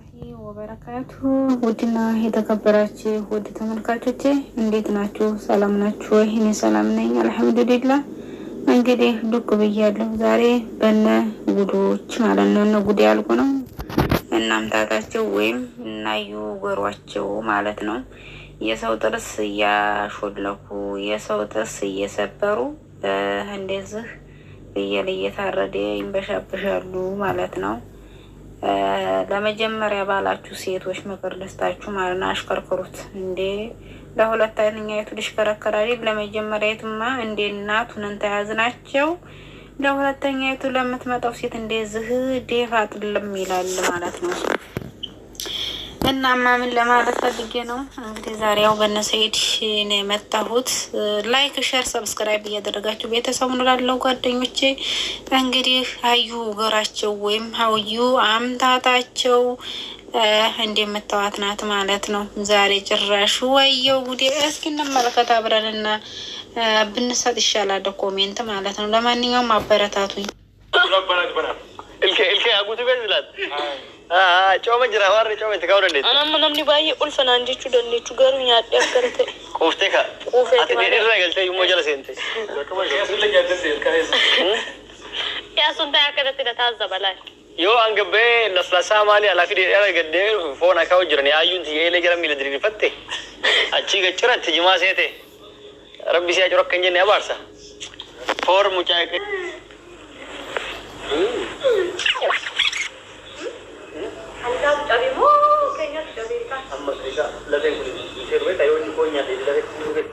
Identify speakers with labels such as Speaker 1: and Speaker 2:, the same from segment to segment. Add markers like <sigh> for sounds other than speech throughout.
Speaker 1: ወራህመቱላሂ ወበረካቱ ውድና የተከበራችሁ ውድ ተመልካቾቼ እንዴት ናችሁ? ሰላም ናችሁ ወይ? እኔ ሰላም ነኝ አልሐምዱሊላ። እንግዲህ ዱቅ ብያለሁ ዛሬ በነ ጉዶች ማለት ነው። እነ ጉድ ያልኩ ነው እናምታታቸው ወይም እናዩ ጎሯቸው ማለት ነው። የሰው ጥርስ እያሾለኩ የሰው ጥርስ እየሰበሩ እንደዚህ ፍየል እየታረደ ይንበሻበሻሉ ማለት ነው። ለመጀመሪያ ባላችሁ ሴቶች ምክር ልስጣችሁ ማለት ነው። አሽከርክሩት እንዴ ለሁለት ለሁለተኛይቱ ልሽከረከር ለመጀመሪያ ለመጀመሪያይቱማ እንዴ እናቱን ለሁለተኛ የቱ ለምትመጣው ሴት እንደዚህ ዴፋ ጥልም ይላል ማለት ነው። እና ማምን ለማለት ፈልጌ ነው እንግዲህ ዛሬ ያው በነሰይድ ነው የመጣሁት። ላይክ፣ ሼር፣ ሰብስክራይብ እያደረጋችሁ ቤተሰብ ኑላለው ጓደኞቼ። እንግዲህ አዩ ገራቸው ወይም ሀውዩ አምታታቸው እንደምታዋት ናት ማለት ነው። ዛሬ ጭራሹ ወየው ጉዴ! እስኪ እንመለከት አብረንና ብንሰጥ ይሻላል ኮሜንት ማለት ነው። ለማንኛውም አበረታቱኝ።
Speaker 2: Cuma jira warri cuma itti ka'uu dandeessu.
Speaker 3: Anamma namni baay'ee ulfa naan jechuu dandeechu garuu nyaadhee akka ta'e.
Speaker 2: Quuftee ka. Quuftee. Ati dheedhirra galtee immoo jala seente.
Speaker 3: Yaasun ta'e akkasatti na taasisa
Speaker 2: Yoo angabee laslaasaa maali alaafi dheedhirra gaddee foon akka hojjiran yaayyuun tiyyeelee jara miila diriirfatte achii gachiran tijimaa seete rabbi si ajuru akka hin jenne abaarsa. Foor mucaa. amasega lagay mo dito. Sir, wait, ayaw niyo po niya. Dito lagay ko yung sir.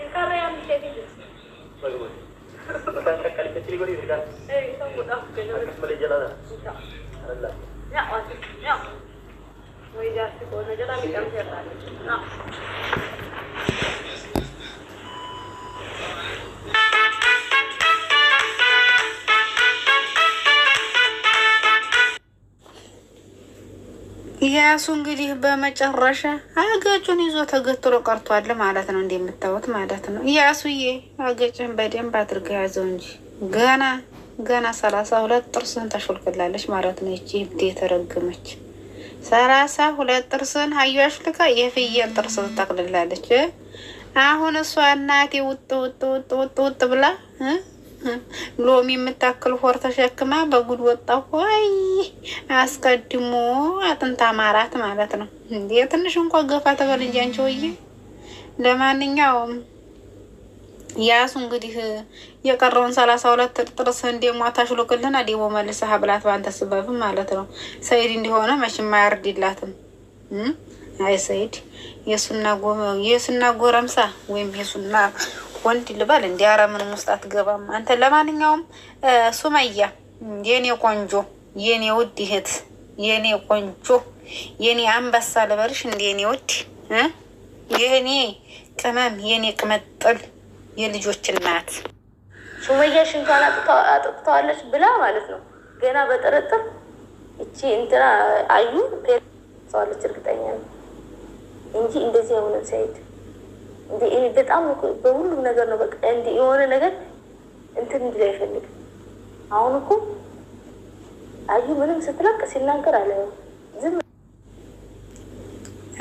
Speaker 3: Yung kama yan, siya dito.
Speaker 2: Bagus. Matang kakalipat sila ko dito ka.
Speaker 3: Eh, isang buta.
Speaker 2: Akas mali dyan na. Isa. Alala.
Speaker 3: Ya, ya. May dasi ko. Nadyan namin kami siya tayo. Na.
Speaker 1: ያሱ እንግዲህ በመጨረሻ አገጩን ይዞ ተገትሮ ቀርቷል ማለት ነው። እንደምታዩት ማለት ነው። ያሱዬ አገጭን በደንብ አድርጋ ያዘው እንጂ ገና ገና ሰላሳ ሁለት ጥርስን ተሾልክላለች ማለት ነው። ይቺ እብድ የተረገመች ሰላሳ ሁለት ጥርስን አያሽ ልካ የፍየል ጥርስ ተጠቅልላለች። አሁን እሷ እናቴ ውጥ ውጥ ውጥ ውጥ ውጥ ብላ ሎሚ የምታክል ሆር ተሸክማ በጉድ ወጣ። ሆይ አስቀድሞ አጥንት አማራት ማለት ነው እንዴ! ትንሽ እንኳ ገፋ ተበል እንጂ አንቺ ወዬ። ለማንኛውም ያሱ እንግዲህ የቀረውን ሰላሳ ሁለት ጥርስ እንደሞ አታሽሎክልን ደሞ መልሰህ ብላት በአንተ ስበብ ማለት ነው። ሰይድ እንዲሆነ መቼም አያርድላትም። አይ ሰይድ የሱና ጎረምሳ ወይም የሱና ወልድ ልበል እንዲ አረምንም ውስጥ አትገባም አንተ። ለማንኛውም ሱመያ የኔ ቆንጆ፣ የኔ ውድ እህት፣ የኔ ቆንጆ፣ የኔ አንበሳ ልበልሽ እንዲ የኔ ውድ፣ የኔ ቅመም፣ የኔ ቅመጥል፣ የልጆች እናት
Speaker 3: ሱመያ ሽንቷን አጥቅተዋለች ብላ ማለት ነው ገና በጥርጥር እቺ እንትና አዩ ተዋለች እርግጠኛ ነው እንጂ እንደዚህ አይሆንም ሳይድ በጣም በሁሉም ነገር ነው። በቃ እንዲህ የሆነ ነገር እንትን እንዲል አይፈልግም። አሁን እኮ አዩ ምንም ስትለቅ ሲናገር አለ ዝም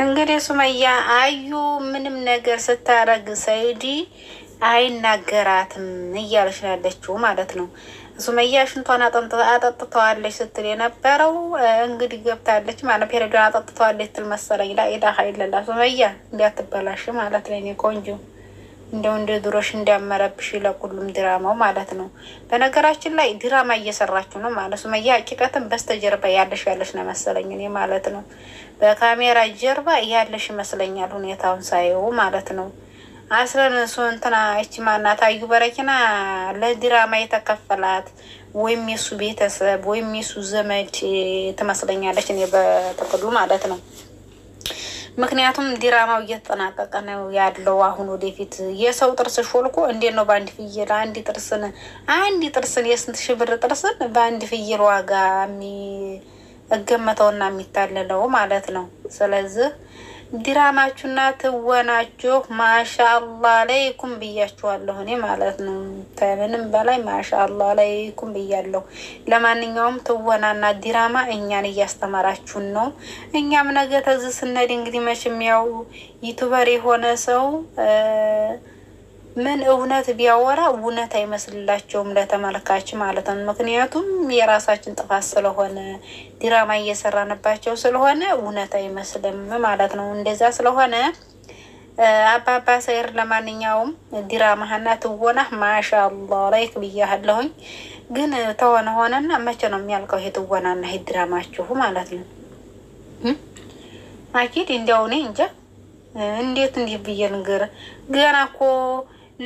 Speaker 1: እንግዲህ ሱመያ አዩ ምንም ነገር ስታረግ ሰይዲ አይናገራትም እያለች ያለችው ማለት ነው። ሱመያ ሽንቷን አጠጥተዋለች ስትል የነበረው እንግዲህ ገብታለች ማለት ፔሬዶን አጠጥተዋለች ስትል መሰለኝ። ላኢላሀ ኢለላህ ሱመያ እንዲያትበላሽ ማለት ነው ቆንጆ እንደው እንደ ድሮሽ እንዲያመረብሽ ለሁሉም ድራማው ማለት ነው። በነገራችን ላይ ድራማ እየሰራችሁ ነው ማለት ሱመያ፣ ሀቂቀትን በስተጀርባ ያለሽ ያለሽ ነው መሰለኝ እኔ ማለት ነው። በካሜራ ጀርባ ያለሽ ይመስለኛል ሁኔታውን ሳየው ማለት ነው። አስረን እሱ እንትና እች ማናት አዩ በረኪና ለድራማ የተከፈላት ወይም የሱ ቤተሰብ ወይም የሱ ዘመድ ትመስለኛለች፣ እኔ በጥቅሉ ማለት ነው። ምክንያቱም ዲራማው እየተጠናቀቀ ነው ያለው። አሁን ወደፊት የሰው ጥርስ ሾልኮ እንዴት ነው በአንድ ፍየል አንድ ጥርስን አንድ ጥርስን የስንት ሺህ ብር ጥርስን በአንድ ፍየል ዋጋ የሚገመተውና የሚታለለው ማለት ነው። ስለዚህ ድራማችሁና ትወናችሁ ማሻአላ አለይኩም ብያችኋለሁ። እኔ ማለት ነው ከምንም በላይ ማሻአላ አለይኩም ብያለሁ። ለማንኛውም ትወናና ድራማ እኛን እያስተማራችሁን ነው። እኛም ነገ ተዝ ስነድ እንግዲህ መቼም ያው ዩቱበር የሆነ ሰው ምን እውነት ቢያወራ እውነት አይመስልላቸውም ለተመልካች ማለት ነው። ምክንያቱም የራሳችን ጥፋት ስለሆነ ዲራማ እየሰራንባቸው ስለሆነ እውነት አይመስልም ማለት ነው። እንደዛ ስለሆነ አባባ ሰይር ለማንኛውም ዲራማህና ትወናህ ማሻአላ ላይክ ብያለሁኝ። ግን ተሆነ ሆነና መቼ ነው የሚያልቀው ይሄ ትወናና ይሄ ዲራማችሁ ማለት ነው? አኪድ እንዲያው እኔ እንጃ እንዴት እንዲህ ብዬ ልንገር ገና እኮ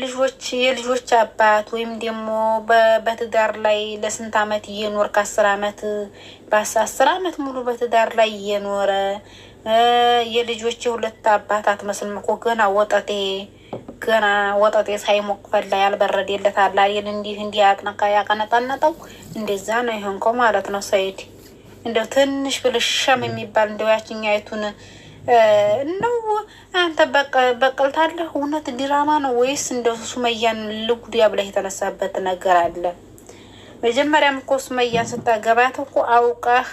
Speaker 1: ልጆች የልጆች አባት ወይም ደግሞ በትዳር ላይ ለስንት አመት እየኖር ከአስር አመት በአስር አመት ሙሉ በትዳር ላይ እየኖረ የልጆች የሁለት አባት አትመስልም እኮ ገና ወጠጤ ገና ወጠጤ ሳይሞቅ ፈላ ያልበረደለት አለ አይደል? እንዲህ እንዲህ ያቅነካ ያቀነጠነጠው እንደዛ ነው ይሆንከው ማለት ነው ሰይድ። እንደው ትንሽ ብልሻም የሚባል እንደው ያችኛይቱን ነው። አንተ በቀልታለህ። እውነት ዲራማ ነው ወይስ እንደ ሱመያን ልጉዲያ ብለህ የተነሳበት ነገር አለ? መጀመሪያም እኮ ሱመያን ስታገባት እኮ አውቀህ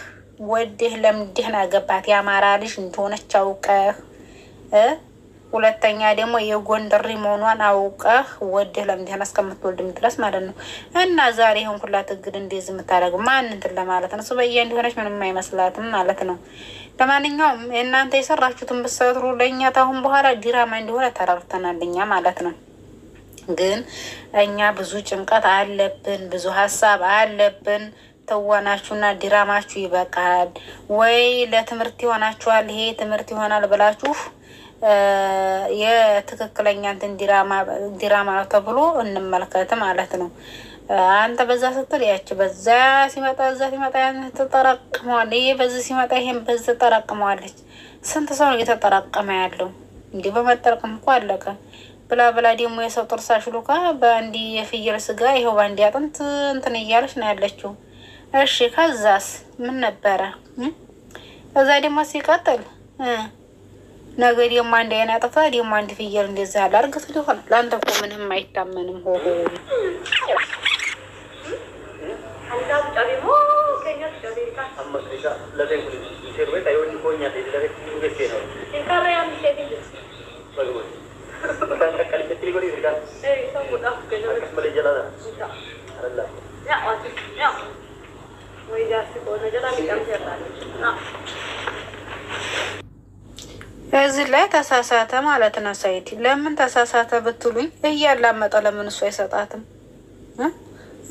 Speaker 1: ወዴህ ለምዴህ ና ገባት። የአማራ ልጅ እንደሆነች አውቀህ ሁለተኛ ደግሞ የጎንደሬ መሆኗን አውቀህ ወደህ ለምትሆን እስከምትወልድም ድረስ ማለት ነው። እና ዛሬ ይሁን ሁላ እግድ እንደዚህ የምታደርገው ማንንትን ለማለት ነው። ሱመያ እንዲሆነች ምንም አይመስላትም ማለት ነው። ለማንኛውም እናንተ የሰራችሁትን ብትሰሩ ለእኛ ታሁን በኋላ ዲራማ እንዲሆነ ተራርተናል እኛ ማለት ነው። ግን እኛ ብዙ ጭንቀት አለብን፣ ብዙ ሀሳብ አለብን። ተዋናችሁና ዲራማችሁ ይበቃል ወይ ለትምህርት ይሆናችኋል። ይሄ ትምህርት ይሆናል ብላችሁ የትክክለኛ እንትን ዲራማ ነው ተብሎ እንመልከት ማለት ነው። አንተ በዛ ስትል ያች በዛ ሲመጣ እዛ ሲመጣ ያን ትጠራቅመዋለች። ይሄ በዚህ ሲመጣ ይሄን በዚህ ትጠራቅመዋለች። ስንት ሰው ነው እየተጠራቀመ ያለው? እንዲህ በመጠረቅም እኮ አለቀ። ብላ ብላ ደግሞ የሰው ጥርሳ ሽሉካ በአንድ የፍየል ስጋ ይኸው በአንድ አጥንት እንትን እያለች ነው ያለችው። እሺ ከዛስ ምን ነበረ? እዛ ደግሞ ሲቀጥል ነገ ደግሞ አንድ አይን አጥፋ ደግሞ አንድ ፍየል እንደዛ አለ አርግት ሊሆን ለአንተ እኮ ምንም አይታመንም። ሆሆ እዚህ ላይ ተሳሳተ ማለት ነው። ሳይቲ ለምን ተሳሳተ ብትሉኝ እያላመጠ ለምን እሱ አይሰጣትም?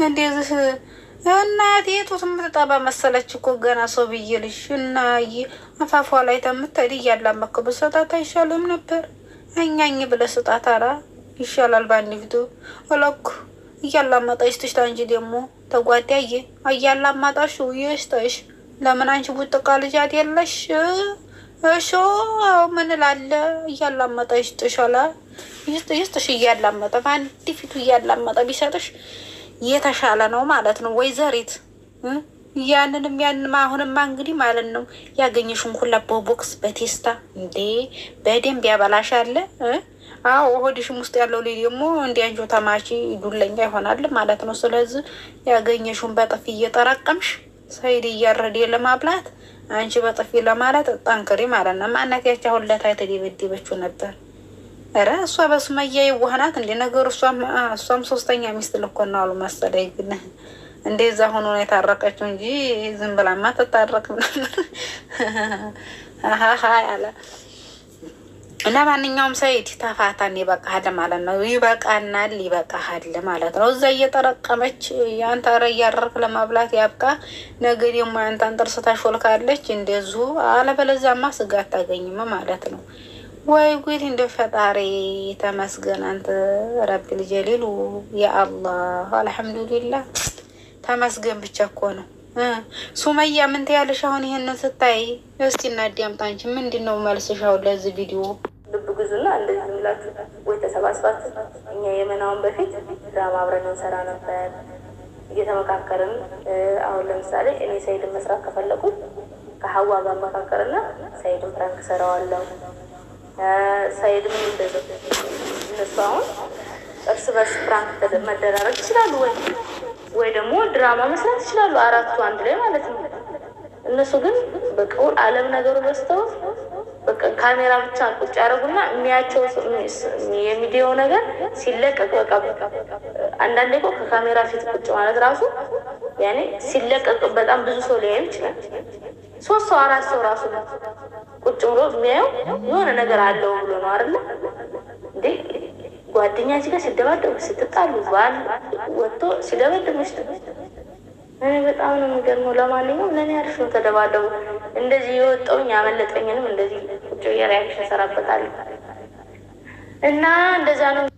Speaker 1: እንዴዚህ እናት ጡት የምትጠባ መሰለች እኮ ገና ሰው ብዬ ልሽ እና አፋፏ ላይ ተምትሄድ እያላመክ ብሰጣት አይሻልም ነበር? እኛኝ ብለ ስጣት። አራ ይሻላል ባንድ ፊቱ እለኩ እያላመጣ ይስጥሽ። ታንጂ ደግሞ ተጓዳዬ እያላማጣሽ ይስጥሽ። ለምን አንቺ ቡጥቃ ልጃት የለሽ እሺ ምን ላለ እያላመጠ ይስጥሻላ ይስጥሽ እያላመጠ በአንድ ፊቱ እያላመጠ ቢሰጥሽ የተሻለ ነው ማለት ነው ወይዘሪት። ያንንም ያንንም አሁንማ እንግዲህ ማለት ነው ያገኘሽን ሁላ በቦክስ በቴስታ እንዴ በደንብ ያበላሻል። አዎ ሆድሽም ውስጥ ያለው ልጅ ደግሞ እንዲ አንጆ ተማቺ ዱለኛ ይሆናል ማለት ነው። ስለዚህ ያገኘሽን በጥፊ እየጠረቀምሽ ሰይድ እያረዴ ለማብላት አንቺ በጥፊ ለማለት ጠንክሪ ማለት ነው። ማናት ያቻ አሁን ዕለት የተደበደበችው ነበር? ኧረ እሷ በሱመያ የዋህናት እንደ ነገሩ እሷም ሶስተኛ ሚስት ልኮና አሉ መሰለኝ። ግን እንደዛ ሆኖ ነው የታረቀችው እንጂ ዝም ብላማ ትታረቅም ነበር። <laughs> አለ ለማንኛውም ሰው የተፋታን ይበቃሃል ማለት ነው። ይበቃናል፣ ይበቃሃል ማለት ነው። እዛ እየጠረቀመች የአንተ ረ እያረርክ ለማብላት ያብቃ። ነገ ደግሞ የአንተን ጥርስ ታሾልካለች እንደዙ፣ አለበለዚያማ ስጋ አታገኝም ማለት ነው። ወይ ጉድ! እንደ ፈጣሪ ተመስገን አንተ ረቢል ጀሊሉ የአላህ አልሐምዱሊላ ተመስገን ብቻ እኮ ነው። ሱመያ ምን ትያለሽ አሁን? ይህንን ስታይ እስቲ እናዲያምጣንች አንቺ ምንድን ነው መልስሽ አሁን ለዚህ ቪዲዮ?
Speaker 3: ግዙና እንደዚህ ብላችሁ ወይ ተሰባስባችሁ እኛ የመናውን በፊት ድራማ አብረን እንሰራ ነበር እየተመካከርን አሁን ለምሳሌ እኔ ሰይድን መስራት ከፈለጉ ከሀዋ ጋር መካከርና ሰይድን ፍራንክ ሰራዋለሁ። ምን እንደዚ እነሱ አሁን እርስ በርስ ፍራንክ መደራረግ ይችላሉ ወይ ወይ ደግሞ ድራማ መስራት ይችላሉ፣ አራቱ አንድ ላይ ማለት ነው። እነሱ ግን በቀውል አለም ነገሩ በስተውት በቃ ካሜራ ብቻ ቁጭ ያደረጉና የሚያቸው የሚዲዮ ነገር ሲለቀቅ በቃ አንዳንድ እኮ ከካሜራ ፊት ቁጭ ማለት ራሱ ያኔ ሲለቀቅ በጣም ብዙ ሰው ሊያዩ ይችላል። ሶስት ሰው አራት ሰው ራሱ ቁጭ ብሎ የሚያየው የሆነ ነገር አለው ብሎ ነው አይደለ እንዴ? ጓደኛ ጋር ሲደባደቡ ስትጣሉ ባል ወጥቶ ሲደበድብ ምሽት እኔ በጣም ነው የሚገርመው። ለማንኛውም ለእኔ አሪፍ ነው ተደባደቡ እንደዚህ የወጣውኝ ያመለጠኝንም እንደዚህ ጆየ ሪያክሽን ሰራበታል እና እንደዛ ነው